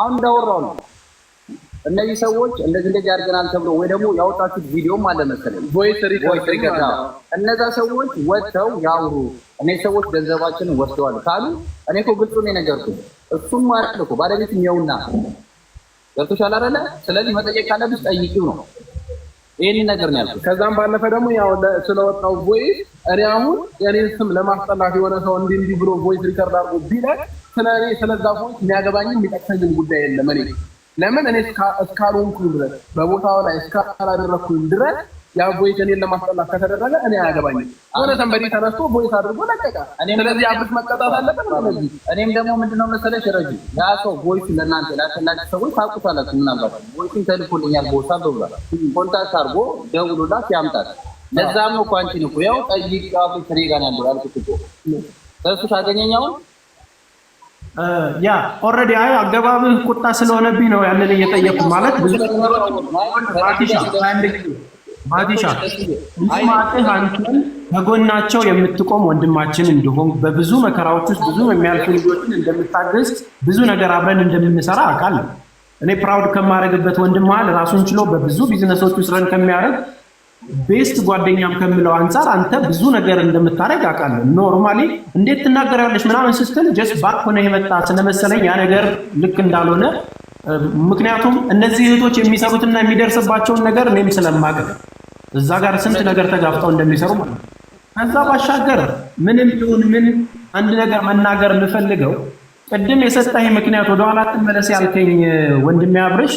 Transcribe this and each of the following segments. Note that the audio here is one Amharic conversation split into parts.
አሁን እንዳወራው ነው። እነዚህ ሰዎች እንደዚህ እንደዚህ አድርገናል ተብሎ ወይ ደግሞ ያወጣችሁት ቪዲዮም አለ መሰለኝ፣ ቮይስ ሪከርድ። እነዛ ሰዎች ወጥተው ያውሩ፣ እኔ ሰዎች ገንዘባችንን ወስደዋል ካሉ እኔ እኮ ግልጹን የነገርኩህ እሱም አለ እኮ ባለቤትም የውና ገብቶሻል አይደለ? ስለዚህ መጠየቅ ካለብሽ ጠይቂው ነው ይህን ነገር ነው ያልኩት። ከዛም ባለፈ ደግሞ ያው ስለወጣው ቮይስ እኔ አሁን የኔን ስም ለማስጠላት የሆነ ሰው እንዲህ እንዲህ ብሎ ቮይስ ሪከርድ አድርጎ ቢለቅ ስለ እኔ ስለ ዛፎች የሚያገባኝም የሚጠቅሰኝም ጉዳይ የለም። እኔ ለምን እኔ እስካልሆንኩኝ ድረስ በቦታው ላይ እስካላደረግኩኝ ድረስ ያ ቦይት እኔን ለማስጠላት ከተደረገ እኔ አያገባኝም። ሆነ ሰንበዴ ተነስቶ ቦይት አድርጎ ለቀቀ። ስለዚህ አብስ መቀጣት አለበት። እኔም ደግሞ ምንድነው መሰለሽ ረጅ ያ ሰው ቦይት ለእናንተ ላከላችሁ ሰዎች ታውቁታላችሁ። ምናልባት ቦይትን ተልኮልኛል ቦታ ብሏል። ኮንታክት አድርጎ ደውሎላት ያምጣል። ለዛም ነው እኮ አንቺን እኮ ያው ጠይቅ ቃፉ ስሬ ጋር ያለው ያልኩት እኮ እሱ ታገኘኛውን ያ ኦልሬዲ አይ አገባብህ ቁጣ ስለሆነብኝ ነው ያንን እየጠየኩ ማለት ብዙ ባዲሻ ማጥህ አንተን በጎናቸው የምትቆም ወንድማችን እንዲሆን በብዙ መከራዎች ውስጥ ብዙ የሚያልፉ ልጆችን እንደምታገዝ ብዙ ነገር አብረን እንደምንሰራ አውቃለሁ። እኔ ፕራውድ ከማደርግበት ወንድም መሀል ራሱን ችሎ በብዙ ቢዝነሶች ውስጥ ረን ከሚያደርግ ቤስት ጓደኛም ከምለው አንጻር አንተ ብዙ ነገር እንደምታደርግ አውቃለሁ። ኖርማሊ እንዴት ትናገራለች ምናምን ስትል ጀስት ባክ ሆነ የመጣ ስለመሰለኝ ያ ነገር ልክ እንዳልሆነ ምክንያቱም እነዚህ እህቶች የሚሰሩትና የሚደርስባቸውን ነገር እኔም ስለማቅ እዛ ጋር ስንት ነገር ተጋፍጠው እንደሚሰሩ ማለት ነው። ከዛ ባሻገር ምንም ይሁን ምን አንድ ነገር መናገር የምፈልገው ቅድም የሰጠኝ ምክንያት ወደኋላ ትመለስ ያልከኝ ወንድሜ አብርሽ፣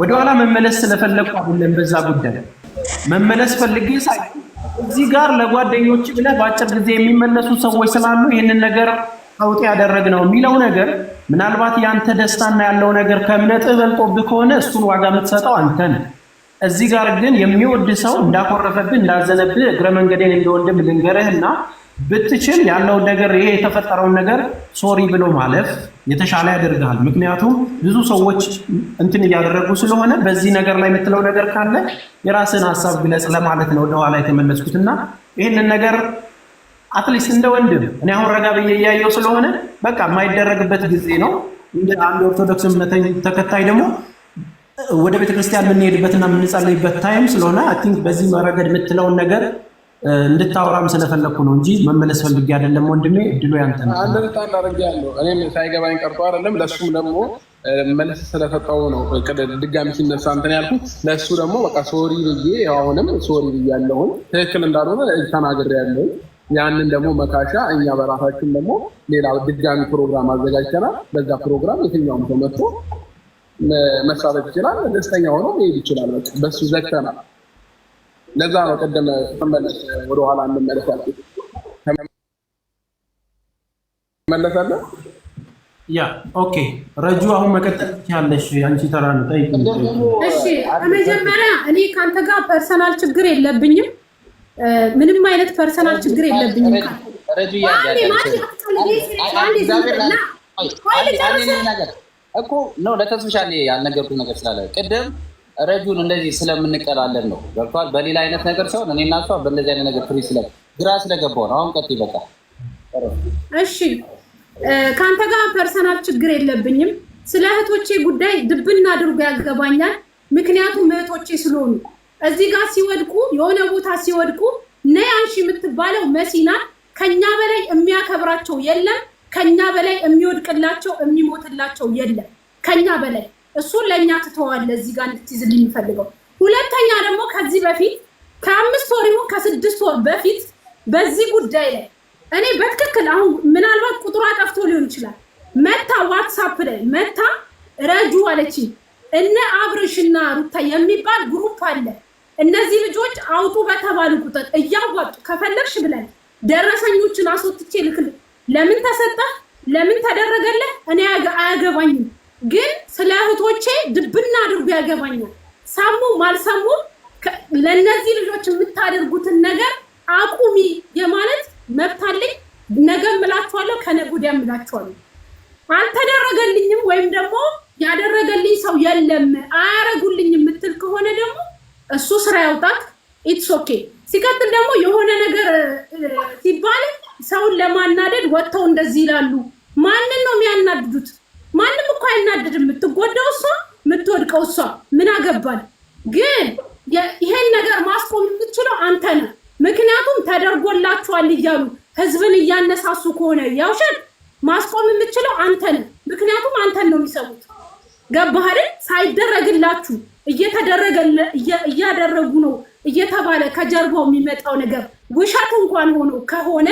ወደኋላ መመለስ ስለፈለግኩ አይደለም በዛ ጉዳይ መመለስ ፈልጌ ሳይ እዚህ ጋር ለጓደኞች ብለህ በአጭር ጊዜ የሚመለሱ ሰዎች ስላሉ ይህንን ነገር አውጤ ያደረግ ነው የሚለው ነገር ምናልባት ያንተ ደስታና ያለው ነገር ከእምነትህ በልጦብህ ከሆነ እሱን ዋጋ የምትሰጠው አንተ ነህ። እዚህ ጋር ግን የሚወድ ሰው እንዳኮረፈብህ እንዳዘነብህ እግረ መንገዴን እንደወንድም ልንገርህና ብትችል ያለውን ነገር ይሄ የተፈጠረውን ነገር ሶሪ ብሎ ማለፍ የተሻለ ያደርግሃል። ምክንያቱም ብዙ ሰዎች እንትን እያደረጉ ስለሆነ በዚህ ነገር ላይ የምትለው ነገር ካለ የራስን ሀሳብ ግለጽ ለማለት ነው ወደኋላ የተመለስኩት እና ይህንን ነገር አትሊስት እንደ ወንድም እኔ አሁን ረጋ ብዬ እያየው ስለሆነ በቃ የማይደረግበት ጊዜ ነው። እንደ አንድ ኦርቶዶክስ እምነተኝ ተከታይ ደግሞ ወደ ቤተክርስቲያን የምንሄድበትና የምንጸልይበት ታይም ስለሆነ አይ ቲንክ በዚህ ረገድ የምትለውን ነገር እንድታወራም ስለፈለግኩ ነው እንጂ መመለስ ፈልጌ አይደለም። ወንድሜ እድሉ ያንተ ነው። አንድ ጣል ያለው እኔም ሳይገባኝ ቀርቶ አይደለም፣ ለሱ ደግሞ መልስ ስለሰጠው ነው ድጋሚ ሲነሳ እንትን ያልኩት። ለእሱ ደግሞ በቃ ሶሪ ብዬ አሁንም ሶሪ ብዬ ያለሁን ትክክል እንዳልሆነ ተናግሬ ያለው ያንን ደግሞ መካሻ እኛ በራሳችን ደግሞ ሌላ ድጋሚ ፕሮግራም አዘጋጅተናል። በዛ ፕሮግራም የትኛውም ሰው መሳበት ይችላል። ደስተኛ ሆኖ መሄድ ይችላል። በሱ ዘግተናል። ለዛ ነው ቀደም ስትመለስ ወደኋላ እንመለሳለን። ትመለሳለህ። ያ ኦኬ። ረጁ አሁን መቀጠል ያለሽ አንቺ ተራ ነው። ጠይቅ። እሺ፣ በመጀመሪያ እኔ ከአንተ ጋር ፐርሰናል ችግር የለብኝም። ምንም አይነት ፐርሰናል ችግር የለብኝም። ረጁ እኮ ነው ለተስብሻ ያልነገርኩት ነገር ስላለ ቅድም ረጁን እንደዚህ ስለምንቀላለን ነው። ገብቷል። በሌላ አይነት ነገር ሲሆን እኔ እና እሷ በእንደዚህ አይነት ነገር ፍሪ ስለ ግራ ስለገባው ነው። አሁን ቀጥ ይበቃል። እሺ፣ ከአንተ ጋር ፐርሰናል ችግር የለብኝም። ስለ እህቶቼ ጉዳይ ድብና አድርጎ ያገባኛል። ምክንያቱም እህቶቼ ስለሆኑ እዚህ ጋር ሲወድቁ የሆነ ቦታ ሲወድቁ ነይ አንሺ የምትባለው መሲና ከኛ በላይ የሚያከብራቸው የለም። ከኛ በላይ የሚወድቅላቸው የሚሞትላቸው የለም። ከኛ በላይ እሱን ለእኛ ትተዋለ እዚህ ጋር እንድትይዝልኝ የሚፈልገው። ሁለተኛ ደግሞ ከዚህ በፊት ከአምስት ወር ይሁን ከስድስት ወር በፊት በዚህ ጉዳይ ላይ እኔ በትክክል አሁን ምናልባት ቁጥሯ ጠፍቶ ሊሆን ይችላል። መታ ዋትሳፕ ላይ መታ ረጁ አለች እነ አብርሽና ሩታ የሚባል ግሩፕ አለ። እነዚህ ልጆች አውጡ በተባሉ ቁጥር እያዋጡ ከፈለግሽ ብለን ደረሰኞችን አስወጥቼ ልክል። ለምን ተሰጠ፣ ለምን ተደረገለህ እኔ አያገባኝም። ግን ስለ እህቶቼ ድብና አድርጎ ያገባኛል። ሰሙ ማልሰሙ ለእነዚህ ልጆች የምታደርጉትን ነገር አቁሚ የማለት መብት አለኝ። ነገ እምላችኋለሁ፣ ከነገ ወዲያ አልተደረገልኝም ወይም ደግሞ ያደረገልኝ ሰው የለም አያረጉልኝ የምትል ከሆነ ደግሞ እሱ ስራ ያውጣት። ኢትስ ኦኬ። ሲቀጥል ደግሞ የሆነ ነገር ሲባል ሰውን ለማናደድ ወጥተው እንደዚህ ይላሉ። ማንን ነው የሚያናድዱት? ማንም እኮ አይናድድም። የምትጎዳው እሷ፣ የምትወድቀው እሷ። ምን አገባል? ግን ይሄን ነገር ማስቆም የምትችለው አንተ ነህ። ምክንያቱም ተደርጎላችኋል እያሉ ህዝብን እያነሳሱ ከሆነ ያውሸን ማስቆም የምትችለው አንተ ነህ። ምክንያቱም አንተን ነው የሚሰሙት። ገባህ አይደል? ሳይደረግላችሁ እየተደረገ እያደረጉ ነው እየተባለ ከጀርባው የሚመጣው ነገር ውሸት እንኳን ሆኖ ከሆነ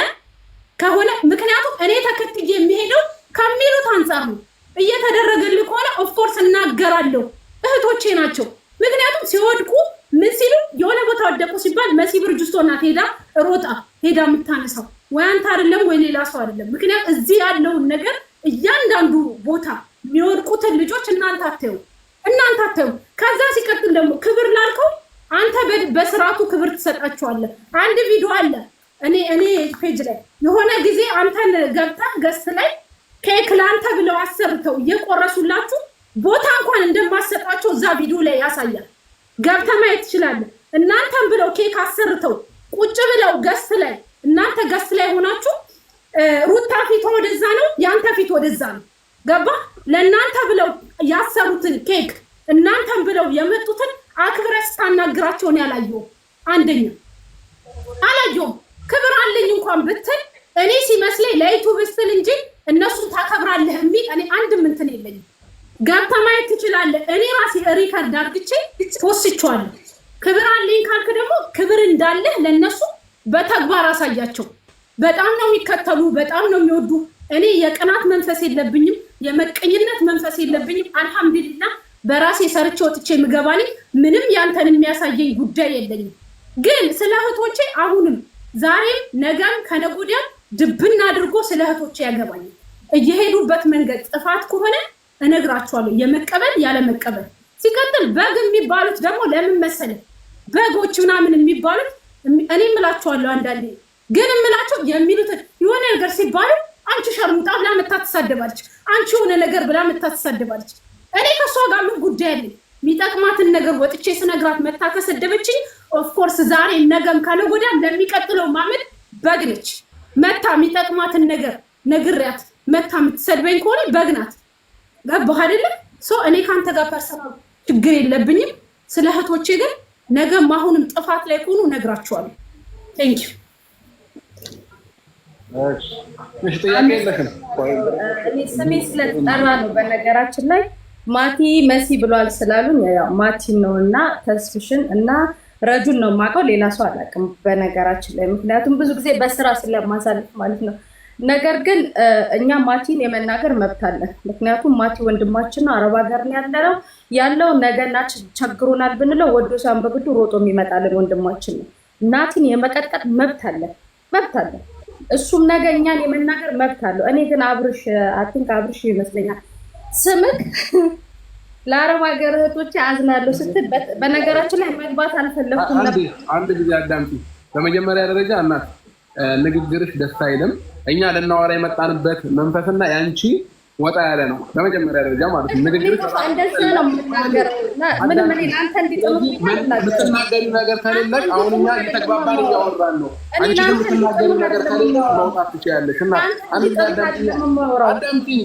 ከሆነ ምክንያቱም እኔ ተከትዬ የሚሄደው ከሚሉት አንጻር ነው። እየተደረገልህ ከሆነ ኦፍኮርስ እናገራለሁ። እህቶቼ ናቸው። ምክንያቱም ሲወድቁ ምን ሲሉ የሆነ ቦታ ወደቁ ሲባል መሲ ብርጅስቶና ሄዳ ሮጣ ሄዳ የምታነሳው ወይ አንተ አይደለም ወይ ሌላ ሰው አይደለም። ምክንያት እዚህ ያለውን ነገር እያንዳንዱ ቦታ የሚወድቁትን ልጆች እናንተ አታዩ እናንተ አታዩ። ከዛ ሲቀጥል ደግሞ ክብር ላልከው አንተ በስርዓቱ ክብር ትሰጣችኋለህ። አንድ ቪዲዮ አለ እኔ እኔ ፔጅ ላይ የሆነ ጊዜ አንተን ገብተህ ገስት ላይ ኬክ ላንተ ብለው አሰርተው እየቆረሱላችሁ ቦታ እንኳን እንደማሰጣቸው እዛ ቪዲዮ ላይ ያሳያል። ገብተ ማየት ትችላለህ። እናንተም ብለው ኬክ አሰርተው ቁጭ ብለው ገስት ላይ እናንተ ገስት ላይ ሆናችሁ ሩታ ፊት ወደዛ ነው፣ ያንተ ፊት ወደዛ ነው። ገባ ለእናንተ ብለው ያሰሩትን ኬክ እናንተም ብለው የመጡትን አክብረሽ ሳናግራቸውን ያላየው አንደኛ አላየውም። ክብር አለኝ እንኳን ብትል እኔ ሲመስለኝ ለዩቱብ ስትል እንጂ እነሱ ታከብራለህ የሚል እኔ አንድም እንትን የለኝም። ገብታ ማየት ትችላለህ። እኔ ራሴ ሪከርድ አድርጌ ፖስቸዋለሁ። ክብር አለኝ ካልክ ደግሞ ክብር እንዳለህ ለእነሱ በተግባር አሳያቸው። በጣም ነው የሚከተሉ፣ በጣም ነው የሚወዱ። እኔ የቅናት መንፈስ የለብኝም፣ የመቀኝነት መንፈስ የለብኝም። አልሐምዱሊላ በራሴ ሰርቼ ወጥቼ ምገባኔ ምንም ያንተን የሚያሳየኝ ጉዳይ የለኝም። ግን ስለ እህቶቼ አሁንም ዛሬም ነገም ከነገ ወዲያም ድብን አድርጎ ስለ እህቶቼ ያገባኛል። እየሄዱበት መንገድ ጥፋት ከሆነ እነግራቸዋለሁ፣ የመቀበል ያለመቀበል። ሲቀጥል በግ የሚባሉት ደግሞ ለምን መሰለ በጎች ምናምን የሚባሉት እኔ እምላቸዋለሁ፣ አንዳንዴ ግን እምላቸው የሚሉት የሆነ ነገር ሲባሉ አንቺ ሸርሙጣ ብላ መታ ትሳደባለች፣ አንቺ የሆነ ነገር ብላ መታ ትሳደባለች። እኔ ከእሷ ጋር ምን ጉዳይ አለኝ? የሚጠቅማትን ነገር ወጥቼ ስነግራት መታ ከሰደበች ኦፍኮርስ ዛሬ ነገም ካለ ወዲያ ለሚቀጥለው ማመድ በግ ነች መታ የሚጠቅማትን ነገር ነግሪያት መታ የምትሰድበኝ ከሆነ በግ ናት። ገባህ አይደለም? ሰው እኔ ከአንተ ጋር ፐርሰናል ችግር የለብኝም። ስለ እህቶቼ ግን ነገም አሁንም ጥፋት ላይ ከሆኑ እነግራችኋለሁ። ቴንክ ዩ። ስሜ ስለተጠራ ነው። በነገራችን ላይ ማቲ መሲ ብሏል ስላሉኝ ማቲን ነው እና ተስፍሽን እና ረጁን ነው የማውቀው፣ ሌላ ሰው አላውቅም። በነገራችን ላይ ምክንያቱም ብዙ ጊዜ በስራ ስለማሳልፍ ማለት ነው ነገር ግን እኛ ማቲን የመናገር መብት አለን። ምክንያቱም ማቲ ወንድማችን ነው፣ አረብ ሀገር ነው ያለነው ያለው ነገና ቸግሮናል ብንለው ወዶ ሳይሆን በግዱ ሮጦ የሚመጣልን ወንድማችን ነው። ናቲን የመቀጥቀጥ መብት አለን መብት አለን። እሱም ነገ እኛን የመናገር መብት አለው። እኔ ግን አብርሽ አቲንክ አብርሽ ይመስለኛል ስምክ ለአረብ ሀገር እህቶች አዝናለሁ ስትል፣ በነገራችን ላይ መግባት አልፈለኩም አንድ ጊዜ አዳምጪ። በመጀመሪያ ደረጃ እናት ንግግርሽ ደስ አይልም። እኛ ልናወራ የመጣንበት መንፈስና የአንቺ ወጣ ያለ ነው። በመጀመሪያ ደረጃ ማለት ነው። ንግግርሽ የምትናገሪው ነገር ከሌለሽ አሁን እኛ እየተግባባን እያወራን ነው። አንቺ ምትናገሪ ነገር ከሌለ መውጣት ትችያለሽ እና አንዳንድ አዳምጪኝ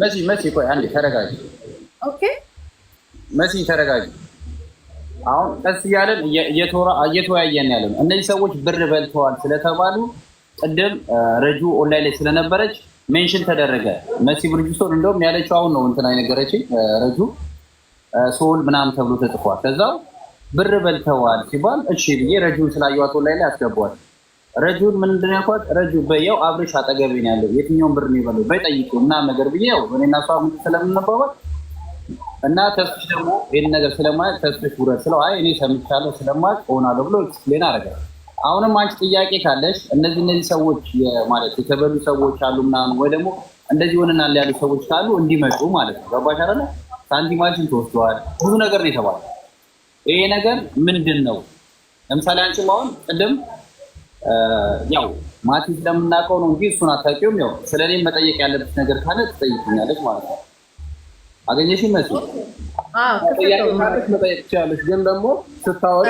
መሲ መሲ ቆይ አንዴ ተረጋጊ። ኦኬ መሲ ተረጋጊ። አሁን ቀስ እያለን እየተወያየን ያለን እነዚህ ሰዎች ብር በልተዋል ስለተባሉ ቅድም ረጁ ኦንላይን ላይ ስለነበረች ሜንሽን ተደረገ። መሲ ብርጅስቶን እንደውም ያለችው አሁን ነው እንትን አይነገረችኝ ረጁ ሶል ምናምን ተብሎ ተጽፏል። ከዛው ብር በልተዋል ሲባል እሺ ብዬ ረጁን ስላየዋት ኦንላይን ላይ አስገቧል። ረጁን ምን እንደሚያውቋት ረጁ በየው አብሬሽ አጠገቤ ነው ያለው የትኛውን ብር ነው ይበለው በጠይቁ እና ነገር ብዬ ያው እኔ እና እሷ ስለምንባባል እና ተስፍሽ ደግሞ ይህን ነገር ስለማያውቅ ተስፍሽ ውረድ ስለው አይ እኔ ሰምቻለሁ ስለማያውቅ እሆናለሁ ብሎ ኤክስፕሌን አረገ። አሁንም አንቺ ጥያቄ ካለሽ እነዚህ እነዚህ ሰዎች ማለት የተበሉ ሰዎች አሉ ምናምን ወይ ደግሞ እንደዚህ ሆንናል ያሉ ሰዎች ካሉ እንዲመጡ ማለት ነው። ገባሽ አይደለ? ሳንቲማችን ተወስደዋል ብዙ ነገር ነው የተባለ። ይሄ ነገር ምንድን ነው? ለምሳሌ አንቺም አሁን ቅድም ያው ማቲ ስለምናውቀው ነው እንጂ እሱን አታውቂውም። ያው ስለ እኔም መጠየቅ ያለብሽ ነገር ካለ ትጠይቅኛለች ማለት ነው። አገኘሽ መስ መጠየቅ ትችላለች። ግን ደግሞ ስታወሪ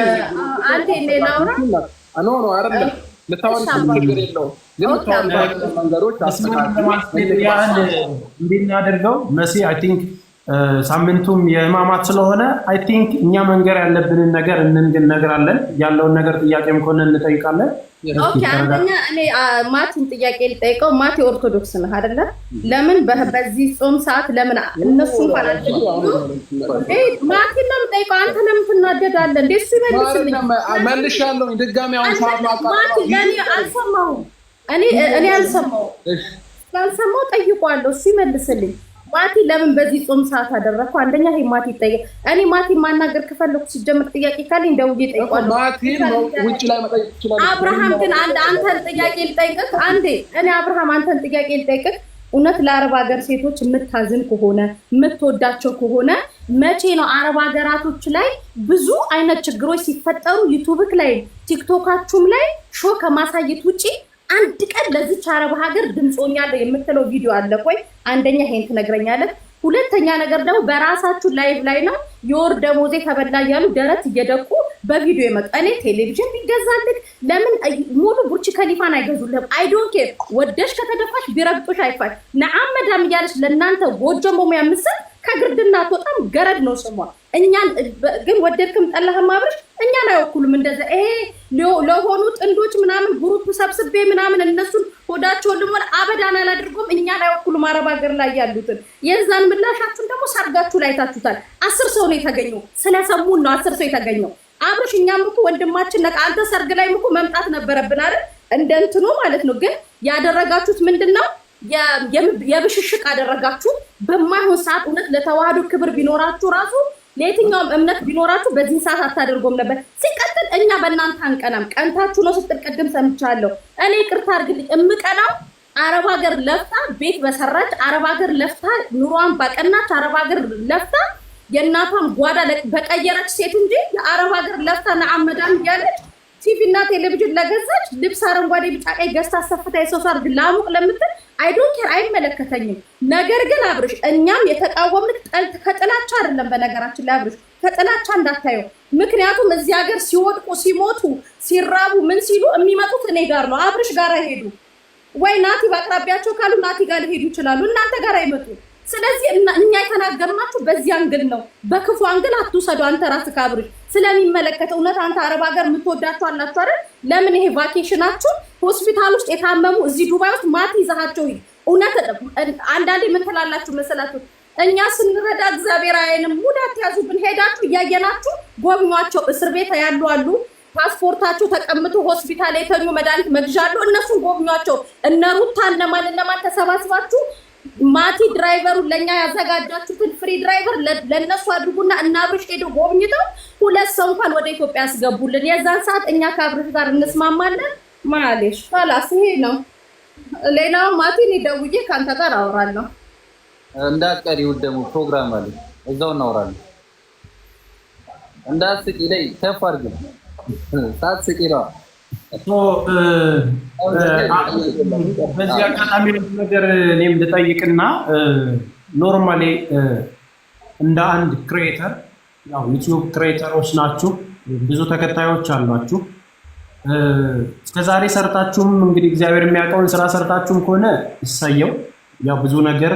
ኖ ኖ አይደለም ልታወሪ ችግር የለውም ግን መንገዶች እንድናደርገው መሲ አይ ቲንክ ሳምንቱም የህማማት ስለሆነ አይ ቲንክ እኛ መንገር ያለብንን ነገር እንነግራለን። ያለውን ነገር ጥያቄም ከሆነ እንጠይቃለን። አንደኛ እኔ ማቲን ጥያቄ ልጠይቀው። ማቲ ኦርቶዶክስ ነህ አይደለ? Hmm. ለምን በዚህ ጾም ሰዓት ለምን እነሱ oh, እንኳን አለ ነው የምጠይቀው። አንተ ለምን ትናደዳለህ እንዴ? ይመልስልኝ። መልሻለሁ ድጋሚ። አሁን ሰዓት ማት ለእኔ አልሰማሁም። እኔ እኔ አልሰማሁም። ስላልሰማሁ ጠይቋለሁ። እሱ ይመልስልኝ ማቲ ለምን በዚህ ጾም ሰዓት አደረግኩ? አንደኛ ይሄ ማቲ ይጠየቅ። እኔ ማቲ ማናገር ከፈለኩ ሲጀምር ጥያቄ ማቲ ውጭ ላይ ደውዬ ይችላል። አብርሃም ግን አንድ አንተን ጥያቄ ልጠይቅህ። አንዴ እኔ አብርሃም አንተን ጥያቄ ልጠይቅህ። እውነት ለአረብ ሀገር ሴቶች የምታዝን ከሆነ የምትወዳቸው ከሆነ መቼ ነው አረብ ሀገራቶች ላይ ብዙ አይነት ችግሮች ሲፈጠሩ ዩቱብክ ላይ ቲክቶካችሁም ላይ ሾ ከማሳየት ውጪ አንድ ቀን ለዚች አረብ ሀገር ድምፆኛለሁ የምትለው ቪዲዮ አለ? ቆይ አንደኛ ይሄን ትነግረኛለህ። ሁለተኛ ነገር ደግሞ በራሳችሁ ላይቭ ላይ ነው የወር ደሞዜ ተበላ እያሉ ደረት እየደቁ በቪዲዮ የመጠኔ ቴሌቪዥን ቢገዛልህ ለምን ሙሉ ቡርች ከሊፋን አይገዙልህም? አይዶን ኬር ወደሽ ከተደፋሽ ቢረግጦሽ አይፋል ነአመዳም እያለች ለእናንተ ጎጆ መሙያ ምስል ከግርድና አትወጣም። ገረድ ነው ስሟ። እኛን ግን ወደድክም ጠላህም አብረሽ እኛን አይወኩሉም። እንደዛ ይሄ ለሆኑ ጥንዶች ምናምን ግሩፕ ሰብስቤ ምናምን እነሱን ሆዳቸውን ልሞል አበዳን አላድርጎም። እኛን አይወኩሉም። አረብ ሀገር ላይ ያሉትን የዛን ምላሻችሁን ደግሞ ሰርጋችሁ ላይ ታችሁታል። አስር ሰው ነው የተገኘው። ስለሰሙን ነው አስር ሰው የተገኘው። አብረሽ እኛም እኮ ወንድማችን ነቃ። አንተ ሰርግ ላይ እኮ መምጣት ነበረብን አይደል? እንደ እንትኑ ማለት ነው። ግን ያደረጋችሁት ምንድን ነው? የብሽሽቅ አደረጋችሁ። በማይሆን ሰዓት እውነት ለተዋህዶ ክብር ቢኖራችሁ ራሱ ለየትኛውም እምነት ቢኖራችሁ በዚህ ሰዓት አታደርጎም ነበር። ሲቀጥል እኛ በእናንተ አንቀናም፣ ቀንታችሁ ነው ስትል ቅድም ሰምቻለሁ። እኔ ቅርታ አድርግልኝ፣ እምቀናው አረብ ሀገር ለፍታ ቤት በሰራች አረብ ሀገር ለፍታ ኑሯን በቀናች አረብ ሀገር ለፍታ የእናቷን ጓዳ በቀየረች ሴት እንጂ የአረብ ሀገር ለፍታ ነአመዳም ያለች ቲቪ እና ቴሌቪዥን ለገዛች ልብስ አረንጓዴ፣ ቢጫ፣ ቀይ ገዝታ አሰፍታ የሰው ሳር ላሙቅ ለምትል አይዶን ኬር አይመለከተኝም። ነገር ግን አብርሽ እኛም የተቃወምን ከጥላቻ አይደለም። በነገራችን ላይ አብርሽ ከጥላቻ እንዳታየው። ምክንያቱም እዚህ ሀገር ሲወድቁ ሲሞቱ ሲራቡ ምን ሲሉ የሚመጡት እኔ ጋር ነው። አብርሽ ጋር ሄዱ ወይ ናቲ በአቅራቢያቸው ካሉ ናቲ ጋር ሊሄዱ ይችላሉ። እናንተ ጋር አይመጡ ስለዚህ እኛ የተናገርናችሁ በዚህ አንግል ነው። በክፉ አንግል አትውሰዱ። አንተ ራስ ካብሪ ስለሚመለከተ እውነት አንተ አረብ ሀገር የምትወዳችሁ አላችሁ አይደል? ለምን ይሄ ቫኬሽናችሁ ሆስፒታል ውስጥ የታመሙ እዚህ ዱባይ ውስጥ ማት ይዛሃቸው እውነት አንዳንዴ የምትላላችሁ መሰላችሁ እኛ ስንረዳ እግዚአብሔር አይንም ሙድ አትያዙብን። ሄዳችሁ እያየናችሁ ጎብኟቸው። እስር ቤት ያሉ አሉ። ፓስፖርታችሁ ተቀምቶ ሆስፒታል የተኙ መድኃኒት መግዣ አሉ። እነሱን ጎብኟቸው። እነ ሩታን እነማን ለማን ተሰባስባችሁ ማቲ ድራይቨሩ ለእኛ ያዘጋጃችሁትን ፍሪ ድራይቨር ለእነሱ አድርጉና እና አብርሽ ሄዶ ጎብኝተው ሁለት ሰው እንኳን ወደ ኢትዮጵያ ያስገቡልን። የዛን ሰዓት እኛ ከአብርሽ ጋር እንስማማለን። ማሌሽ ላስ ይሄ ነው። ሌላው ማቲ እኔ ደውዬ ከአንተ ጋር አወራለሁ። እንዳቀሪ ውድ ደግሞ ፕሮግራም አለ እዛው እናወራለን። እንዳትስቂ ላይ ከፍ አድርግ ሳትስቂ ነዋ በዚህ አጋጣሚ ነገር እኔም ልጠይቅና ኖርማሊ እንደ አንድ ክሬተር ያው ዩቲዩብ ክሬተሮች ናችሁ፣ ብዙ ተከታዮች አሏችሁ። እስከዛሬ ሰርታችሁም እንግዲህ እግዚአብሔር የሚያውቀውን ስራ ሰርታችሁም ከሆነ ይሳየው ያው ብዙ ነገር